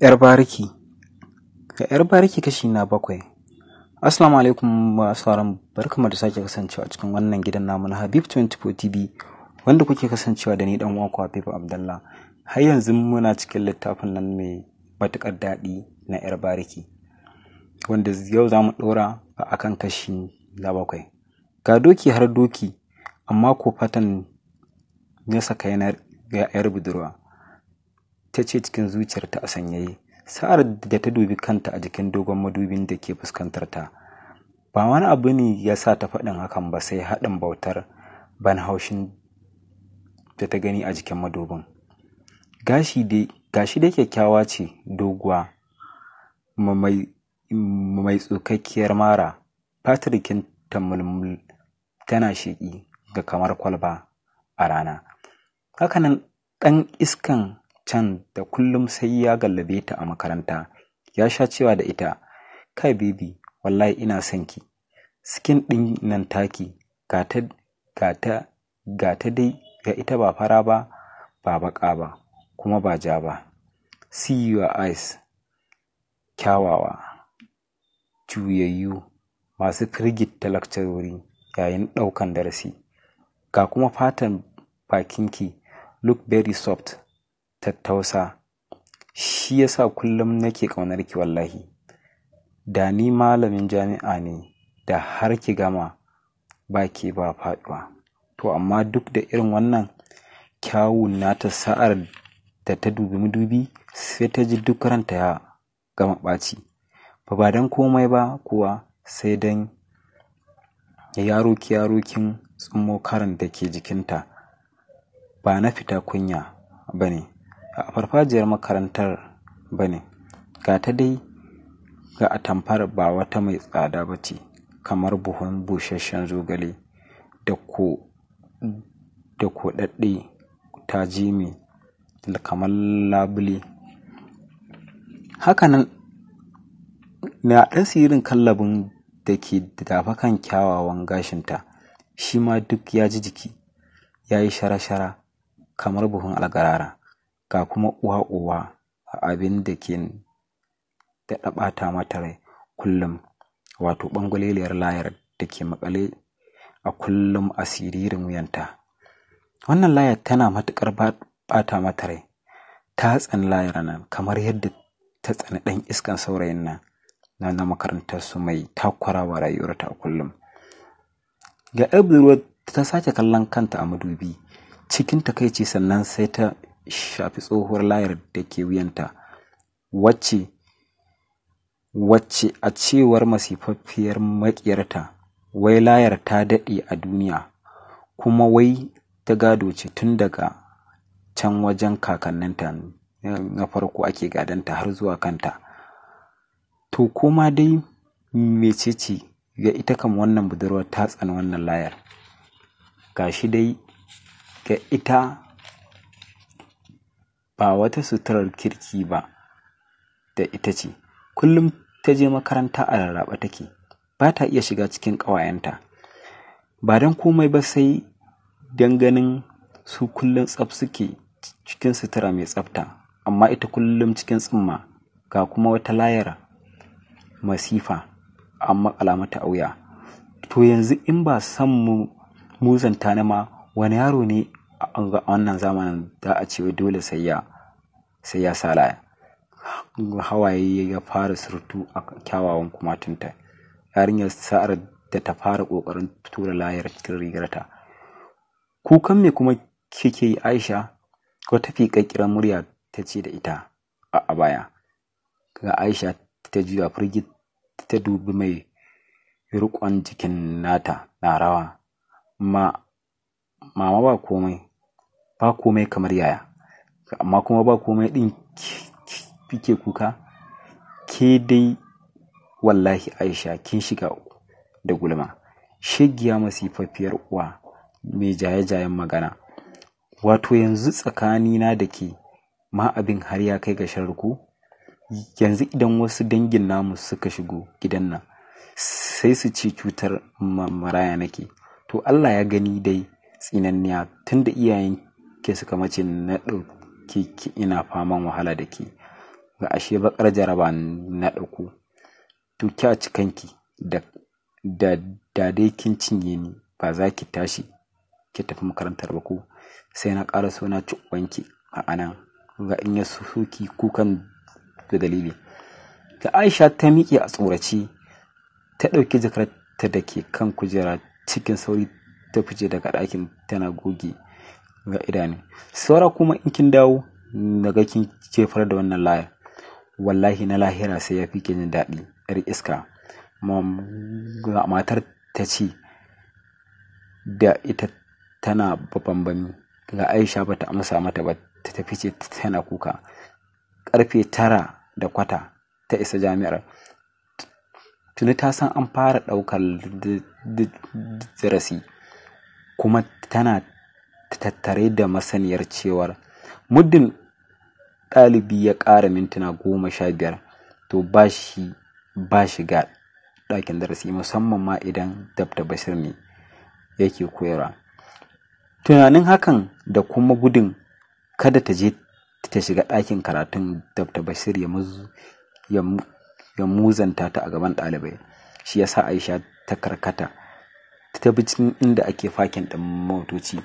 'yar bariki ga 'yar bariki kashi na bakwai assalamu alaikum sauran barkama da sake kasancewa cikin wannan gidan namu na habib 24 tv wanda kuke kasancewa da ni dan uwanku habib abdallah har yanzu muna cikin littafin nan mai matukar daɗi na 'yar bariki wanda yau za mu ɗora a kan kashi na bakwai ga doki har doki amma ko fatan ya saka yana 'yar budurwa ta ce cikin zuciyarta a sanyaye sa'ar da ta dubi kanta a jikin dogon madubin da ke fuskantar ta ba wani abu ne ya sa ta faɗin hakan ba sai haɗin bautar ban haushin da ta gani a jikin madubin gashi da kyakkyawa ce doguwa mai tsukakkiyar mara fatirkin tamulmul tana sheƙi ga kamar kwalba a rana hakanan ɗan iskan can da kullum sai ya gallabe ta a makaranta ya sha cewa da ita kai bibi wallahi ina son ki skin ɗin nan taki gata gata gata dai ga ita ba fara ba ba baƙa ba kuma ba ja ba see your eyes kyawawa juyayyu masu firgit ta lakcarori yayin ɗaukan darasi ga kuma fatan bakinki look very soft tattausa shi yasa kullum nake ƙaunar ki wallahi da ni malamin jami'a ne da har ki gama ba ke ba faɗuwa to amma duk da irin wannan kyawun nata sa'ar da ta dubi madubi sai ta ji duk ranta ya gama ɓaci ba ba don komai ba kuwa sai don yaro ki yaro kin tsummo da ke jikinta ba na fita kunya ba ne a farfajiyar makarantar ba ne ga ta dai ga atamfar ba wata mai tsada ba ce kamar buhun busasshen zogale da ko daɗe ta jimi kamar labule hakanan na ɗan sirrin kallabin da ke dafa kan kyawawan gashinta shi ma duk ya ji jiki ya yi shara-shara kamar buhun algarara ga kuma uwa uwa a abin da ke daɗa ɓata mata rai kullum wato ɓangaleliyar layar da ke maƙale a kullum a siririn wuyanta wannan layar tana matuƙar ɓata mata rai ta tsani layar nan kamar yadda ta tsani ɗan iskan saurayin nan na na makarantar su mai takwarawa rayuwarta a kullum ga budurwar ta sake kallon kanta a madubi cikin takaici sannan sai ta shafi tsohuwar layar da ke wuyanta wacce a cewar masifaffiyar maƙiyarta wai layar ta daɗe a duniya kuma wai ta gado ce tun daga can wajen kakanninta eh, na farko ake gadanta har zuwa kanta to kuma dai mecece ga ita kan wannan budurwar ta tsani wannan layar gashi dai ga ita ba wata suturar kirki ba da ita ce kullum ta je makaranta a rarraba take ba ta iya shiga cikin ƙawayenta ba don komai ba sai don ganin su kullum tsaf suke cikin sutura mai tsafta amma ita kullum cikin tsumma ga kuma wata layar masifa amma alamata wuya. to yanzu in ba san mu muzanta na ma wani yaro ne a wannan zamanin da a ce dole sai ya sai ya sa laya hawaye ya fara surutu a kyawawan kumatunta yarinyar sa'ar da ta fara ƙoƙarin tura layar cikin rigarta kukan me kuma kike yi aisha wata fiƙaƙƙirar murya ta ce da ita a baya ga aisha ta juya firgit ta dubi mai riƙon jikin nata na rawa ma mama ba komai ba komai kamar yaya amma kuma ba komai din kike kuka ke dai wallahi aisha kin shiga da gulma shegiya masifaffiyar uwa mai jaye-jayen magana wato yanzu tsakanina da ke ma abin har ya kai ga sharku yanzu idan wasu dangin namu suka shigo gidan nan sai su ce cutar maraya nake to allah ya gani dai tsinanniya tunda iyayen ke suka mace na ɗauki ki ina faman wahala da ki ga ashe bakar jaraba na ɗauko to kya ci kanki da da dai kin cinye ni ba za ki tashi ki tafi makarantar ba ko sai na ƙara so na ci wanki a anan ga in ya suki kukan da dalili da aisha ta miƙe a tsorace ta ɗauki jakarta da ke kan kujera cikin sauri ta fice daga ɗakin tana goge ga idanu saura kuma in kin dawo daga kin cefar da wannan layar wallahi na lahira sai ya fi jin daɗi yar iska matar ta ce da ita tana bambami ga aisha bata amsa mata ba ta tafi ce tana kuka karfe tara da kwata ta isa jami'ar tuni ta san an fara ɗaukar darasi kuma tana tattare da masaniyar cewar muddin ɗalibi ya ƙara mintuna goma sha biyar to ba shi ba shiga ɗakin darasi musamman ma idan dabda bashir ne yake koyarwa tunanin hakan da kuma gudun kada ta je ta shiga ɗakin karatun dabda bashir ya muzanta ta a gaban ɗalibai shi ya sa aisha ta karkata ta bi cikin inda ake fakin ɗin motoci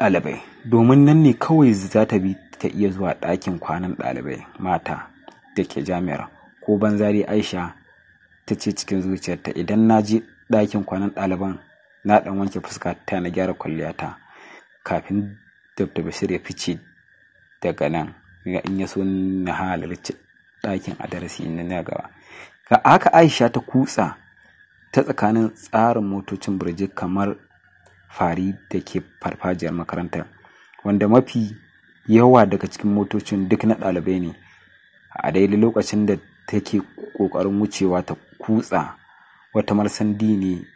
ɗalibai domin nan ne kawai za ta bi ta iya zuwa ɗakin kwanan ɗalibai mata da ke jami'ar ko banzari aisha ta ce cikin zuciyarta idan na je ɗakin kwanan ɗaliban na ɗan wanke fuska ta na gyara kwalliyata kafin dabda bashir ya fice daga nan in ya so na halarci ɗakin a darasi na gaba Ga haka aisha ta kutsa ta tsakanin tsarin motocin birji kamar fari da ke farfajiyar makarantar wanda mafi yawa daga cikin motocin duk na ɗalibai ne a daidai lokacin da take ƙoƙarin wucewa ta kutsa wata marsandi ne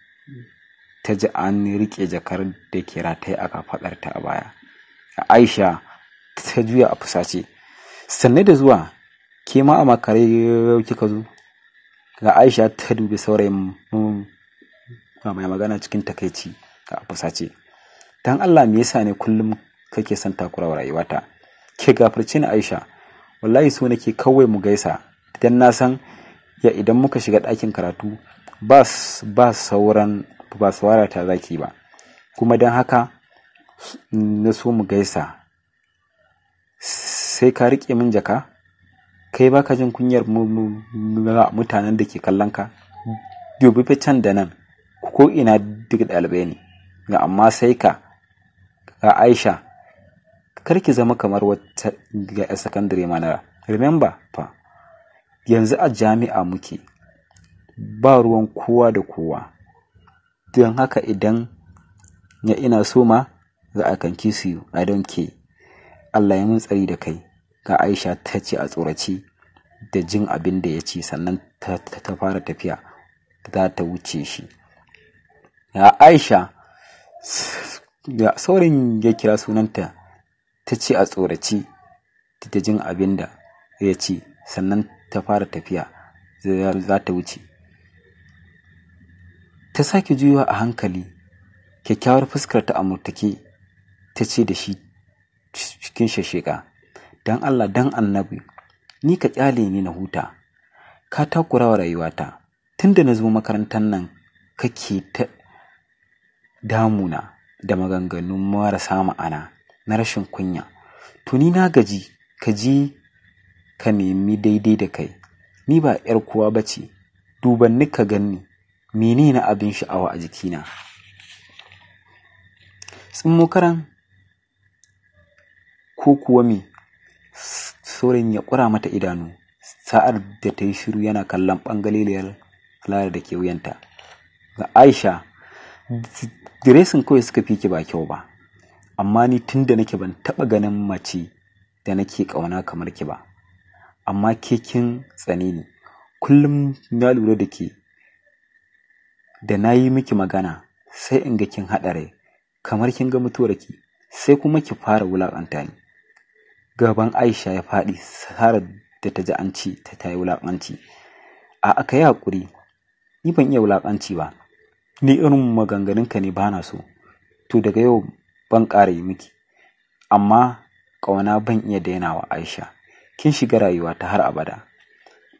ta ji an riƙe jakar da ke rataye a kafaɗarta a baya aisha ta juya a fusace sanne da zuwa ke ma a makare kika zo ga aisha ta dubi saurayin mai magana cikin takaici ka a fusace dan Allah me yasa ne kullum kake son wa rayuwata ke gafarci ni Aisha wallahi so nake kawai mu gaisa idan na san ya idan muka shiga ɗakin karatu ba ba sauran ba sawara ta zaki ba kuma dan haka na so mu gaisa sai ka riƙe min jaka kai baka jin kunyar mutanen da ke kallon ka dubi can da nan ko ina duk ɗalibai ne ga amma sai ka ga aisha kar ki zama kamar wata ga yan sakandare mana remember fa yanzu a jami'a muke ba ruwan kowa da kowa don haka idan ya ina so ma za a kanki su yi, i don't care allah ya mun tsari da kai ga aisha ta ce a tsoraci da jin abin da ya ce sannan ta fara tafiya za ta wuce shi ya aisha ya saurin ya kira sunanta ta ce a tsoraci ta jin abin da ya ce sannan ta fara tafiya za ta wuce ta sake juyawa a hankali kyakkyawar fuskar ta amurtake ta ce da shi cikin shasheka don allah don annabi ni ka kyale ni na huta ka takurawa rayuwata tunda na zo makarantar nan kake ta damuna da maganganun marasa ma'ana na rashin kunya Tuni na gaji ka ji ka nemi daidai da kai ni ba ‘yar kuwa ba ce dubanni ka ganni mini na abin sha'awa a jikina tsimmokaran ko kuwa me saurin ya ƙura mata idanu sa'ar da ta yi shiru yana kallon ɓangaliliyar lara da ke wuyanta ga aisha diresin kawai suka fi ki ba kyau ba amma ni tun da nake ban taɓa ganin mace da nake ƙauna kamar ki ba amma ke kin tsane ni kullum na lura da ke da na yi miki magana sai in ga kin haɗa rai kamar kin ga mutuwar ki sai kuma ki fara wulaƙanta ni gaban aisha ya faɗi sara da ta ji an ci ta ta yi wulaƙanci a aka yi haƙuri ni ban iya wulaƙanci ba ni irin maganganunka ne ba na so to daga yau ban ƙara yi miki amma ƙauna ban iya daina wa aisha kin shiga rayuwa ta har abada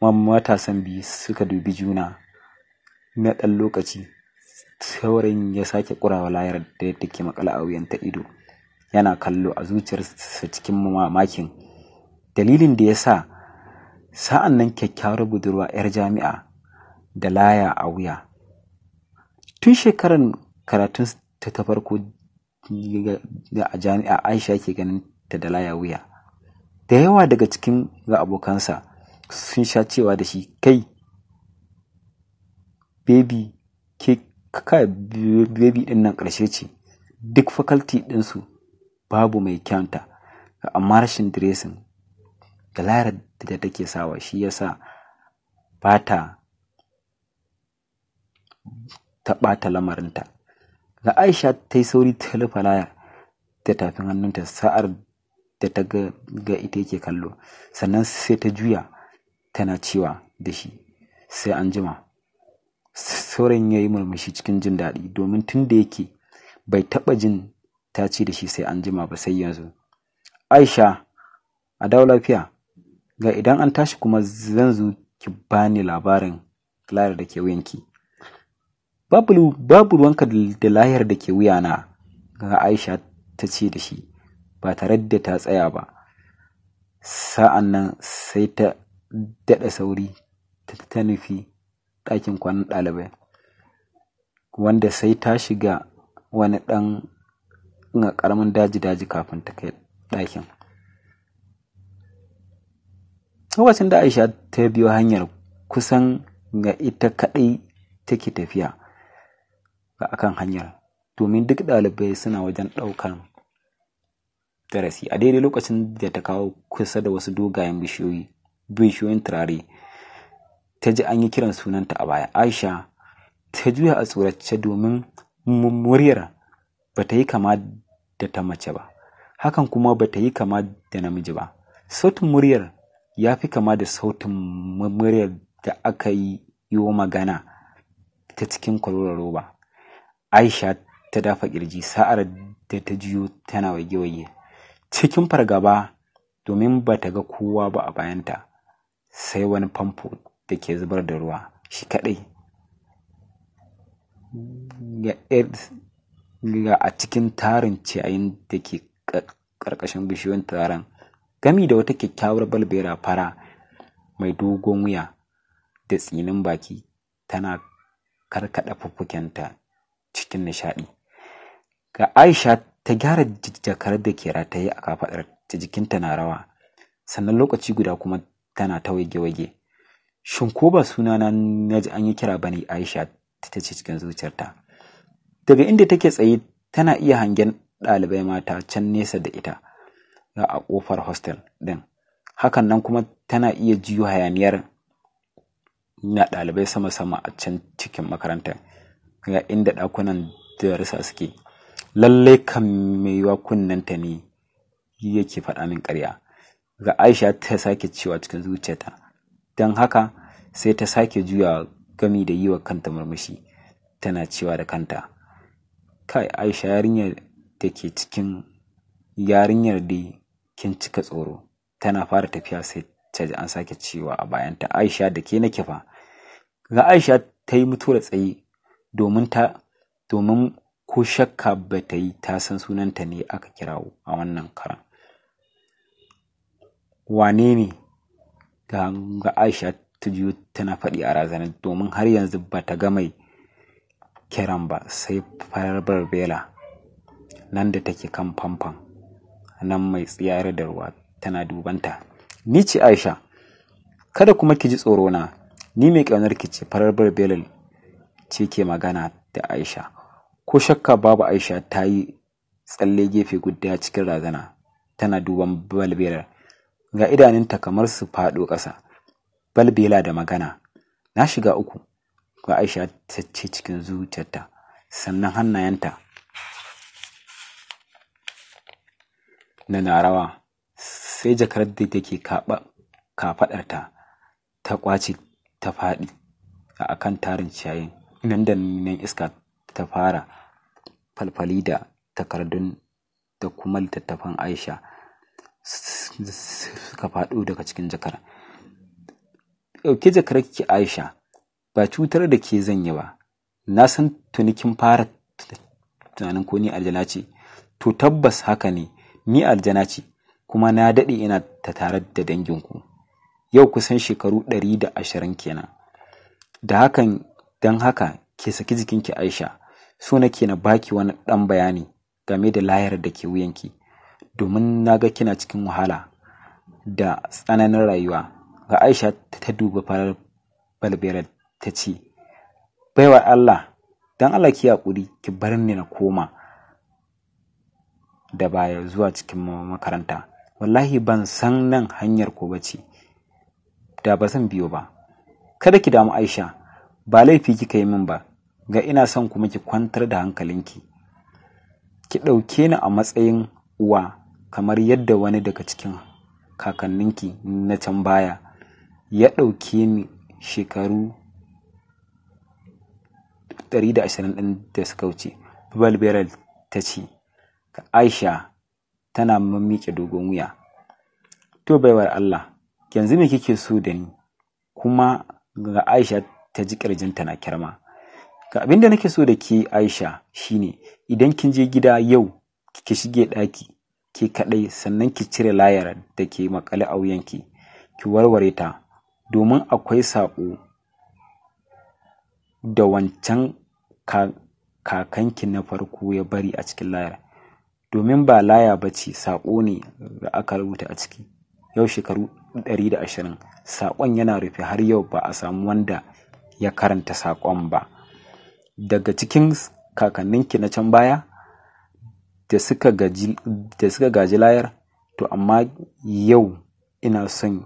matasan biyu suka dubi juna na ɗan lokaci saurayin ya sake ƙurawa layar da yadda ke makala a ta ido yana kallo a zuciyarsa cikin mamakin dalilin da ya sa sa'an nan kyakkyawar budurwa 'yar jami'a da laya a wuya tun shekarar karatun ta ta farko a jami'a aisha ke ganin ta da laya wuya da yawa daga cikin ga abokansa sun sha cewa da shi kai baby ke kaka baby din nan ƙarshe ce duk faculty ɗinsu babu mai kyanta amma rashin dressing da layar da take sawa shi yasa ba ta ta ɓata lamarinta ga aisha ta yi sauri ta rufe laya da tafin hannunta sa'ar da ta ga ita yake kallo sannan sai ta juya tana cewa da shi sai an jima sauran ya yi murmushi cikin jin daɗi domin tun da yake bai taɓa jin ta ce da shi sai an jima ba sai yanzu aisha a dawo lafiya ga idan an tashi kuma zan zo ki bani labarin lara da ke wuyanki babu ruwanka da layar da ke wuyana ga Aisha ta ce da shi ba tare da ta tsaya ba sa'an nan sai ta daɗa sauri ta nufi ɗakin kwanan ɗalibai wanda sai ta shiga wani ɗan ƙaramin daji-daji kafin ta kai ɗakin lokacin da aisha ta biyo hanyar kusan ga ita kaɗai take tafiya akan hanyar domin duk ɗalibai suna wajen ɗaukan darasi a daidai lokacin da ta kawo kusa da wasu dogayen bishiyoyi bishiyoyin turare ta ji an yi kiran sunanta a baya aisha ta juya a tsorace domin muryar ba ta yi kama da ta mace ba hakan kuma ba ta yi kama da namiji ba sautin muryar ya fi kama da sautin muryar da aka yi yi magana ta cikin kwaroron roba Aisha ta dafa kirji sa'ar da ta jiyo tana waye-waye, cikin fargaba domin ba ta ga kowa ba a bayanta sai wani famfo da ke zubar da ruwa shi kadai ga a cikin tarin ciyayin da ke karkashin bishiyoyin taron gami da wata kyakkyawar balbera fara mai dogon wuya da tsinin baki tana karkada fuffukenta cikin nishaɗi ga Aisha ta gyara jakar da ke rataye a kafaɗar ta jikinta na rawa sannan lokaci guda kuma tana ta wage-wage shin ko ba suna na ji an yi kira bane Aisha ta ce cikin zuciyarta daga inda take tsaye tana iya hangen ɗalibai mata can nesa da ita ga a ƙofar hostel ɗin hakan nan kuma tana iya jiyo hayaniyar na ɗalibai sama-sama a can cikin makarantar ga inda ɗakunan darasa suke lalle kan mai yiwa ta ne yake faɗa min karya? ga aisha ta sake cewa cikin zuciyarta don haka sai ta sake juya gami da yiwa kanta murmushi tana cewa da kanta kai aisha yarinyar da ke cikin yarinyar da kin cika tsoro tana fara tafiya sai ta ji an sake cewa a bayanta aisha da ke na kifa ga aisha ta yi mutuwar tsaye domin ta domin ko shakka ba ta yi ta san sunanta ne aka kirawo a wannan karan wane ne ga aisha ta juyo tana faɗi a razanar domin har yanzu ba ta ga mai kiran ba sai farar barbela nan da take kan famfan nan mai tsiyar da ruwa tana dubanta ni ce aisha kada kuma ki ji tsoro na ni mai ƙaunar ki ce farar barbelal ce ke magana da Aisha ko shakka babu Aisha ta yi tsalle gefe guda cikin razana tana duban balbelar ga idanunta kamar su faɗo ƙasa balbela da magana na shiga uku ga Aisha ta ce cikin zuciyarta sannan hannayenta na narawa sai jakar da take kafaɗarta ta ƙwace ta faɗi a akan tarin ciyayin nan da nan iska ta fara falfali da takardun da kuma littattafan aisha suka faɗo daga cikin jakar ɗauke jakar ki aisha ba cutar da ke zan ba na san tuni kin fara tunanin ko ni aljana ce to tabbas haka ne ni aljana ce kuma na daɗe ina ta tare da danginku yau kusan shekaru ɗari da ashirin kenan da hakan don haka ke saki jikinki aisha so ke na baki wani ɗan bayani game da layar da ke wuyanki domin na ga kina cikin wahala da tsananin rayuwa ga aisha ta duba farar balbera ta ce baiwa allah don allah ki haƙuri ki bar ni na koma da baya zuwa cikin makaranta wallahi ban san nan hanyar ko bace da ba zan biyo ba kada ki damu aisha ba laifi kika yi min ba ga ina son kuma ki kwantar da hankalinki ki ɗauke ni a matsayin uwa kamar yadda wani daga cikin kakanninki na can baya ya ɗauke ni shekaru 120 ɗin da suka wuce Bubal ta ce Aisha tana miƙe dogon wuya to baiwar Allah yanzu me kike so da ni kuma ga Aisha ta ji ta na kirma ga abin da nake so da ke aisha shine idan kin je gida yau ki shige ɗaki ke kaɗai sannan ki cire layar da ke maƙale a wuyanki ki warware ta domin akwai saƙo da wancan kakanki na farko ya bari a cikin layar domin ba laya ba ce saƙo ne da aka rubuta a ciki yau shekaru ɗari da ashirin, saƙon yana rufe har yau ba a samu wanda ya karanta saƙon ba daga cikin kakanninki na can baya da suka gaji layar to amma yau ina son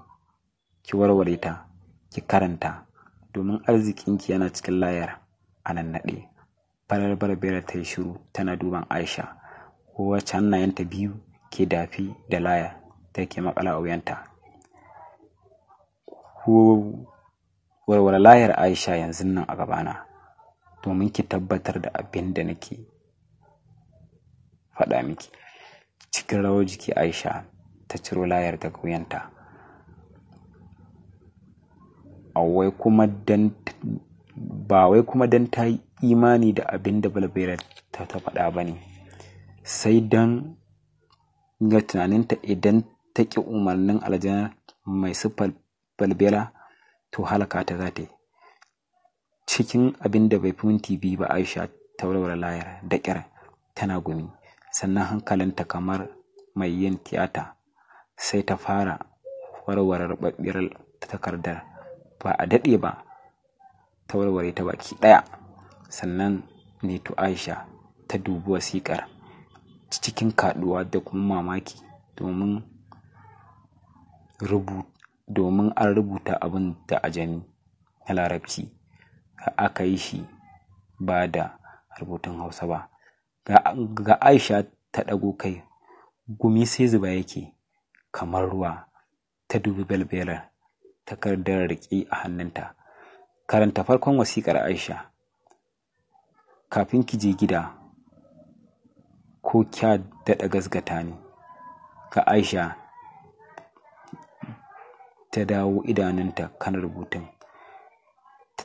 ki warware ta ki karanta domin arzikinki yana cikin layar a nan naɗe farar barbera ta yi shiru tana duban aisha wacce hannayenta biyu ke dafi da laya take makala a wuyanta warware layar Aisha yanzu nan a gabana domin ki tabbatar da abin da nake faɗa miki cikin rawar jiki Aisha ta ciro layar daga wuyanta ba wai kuma dan ta yi imani da abin da balbera ta ta faɗa ba ne sai dan ga tunaninta idan ta ƙi umarnin aljanar mai siffar balbela to halaka ta za ta yi cikin abin da bai fi minti biyu ba aisha ta warware layar da ƙyar tana gumi sannan hankalinta kamar mai yin tiyata sai ta fara warware rubabbiyar takardar ba a daɗe ba ta warware ta baki ɗaya sannan ne to aisha ta dubi wasiƙar cikin kaɗuwa da kuma mamaki domin rubutu domin an rubuta abin da ajami na larabci aka yi shi ba da rubutun hausa ba ga aisha ta ɗago kai gumi sai zuba yake kamar ruwa ta dubi belbelar takardar riƙe a hannunta karanta farkon wasiƙar aisha kafin ki je gida ko kya daɗa gasgata ne ga aisha ta dawo idanunta kan rubutun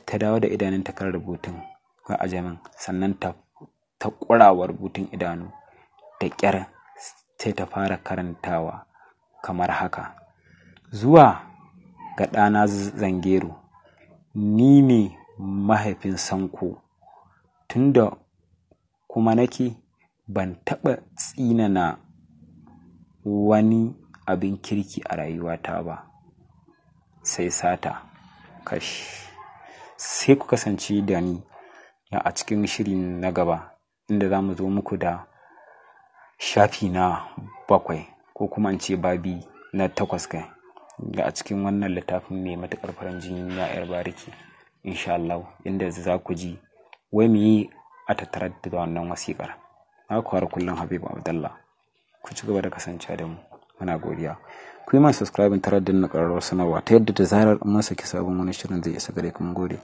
ta dawo da idanunta kan rubutun ga ajamin sannan ta ta ƙurawa rubutun idanu ta ƙyar sai ta fara karantawa kamar haka zuwa ga ɗana zangero ni ne mahaifin sanko tunda kuma nake ban taɓa tsinana wani abin kirki a rayuwata ba sai sata kash sai ku kasance da ni a cikin shirin na gaba inda za mu zo muku da shafi na bakwai ko kuma in ce babi na takwas kai a cikin wannan littafin mai matuƙar farin jini na yar bariki insha Allah inda za ku ji wai mu yi a tattara da wannan wasiƙar na kwara kullum habibu abdallah ku ci gaba da kasance, da mu muna godiya ku yi ma subscribe tare da na ƙararrawar sanarwa ta yadda da zarar mun saki sabon wani shirin zai isa gare ku mun gode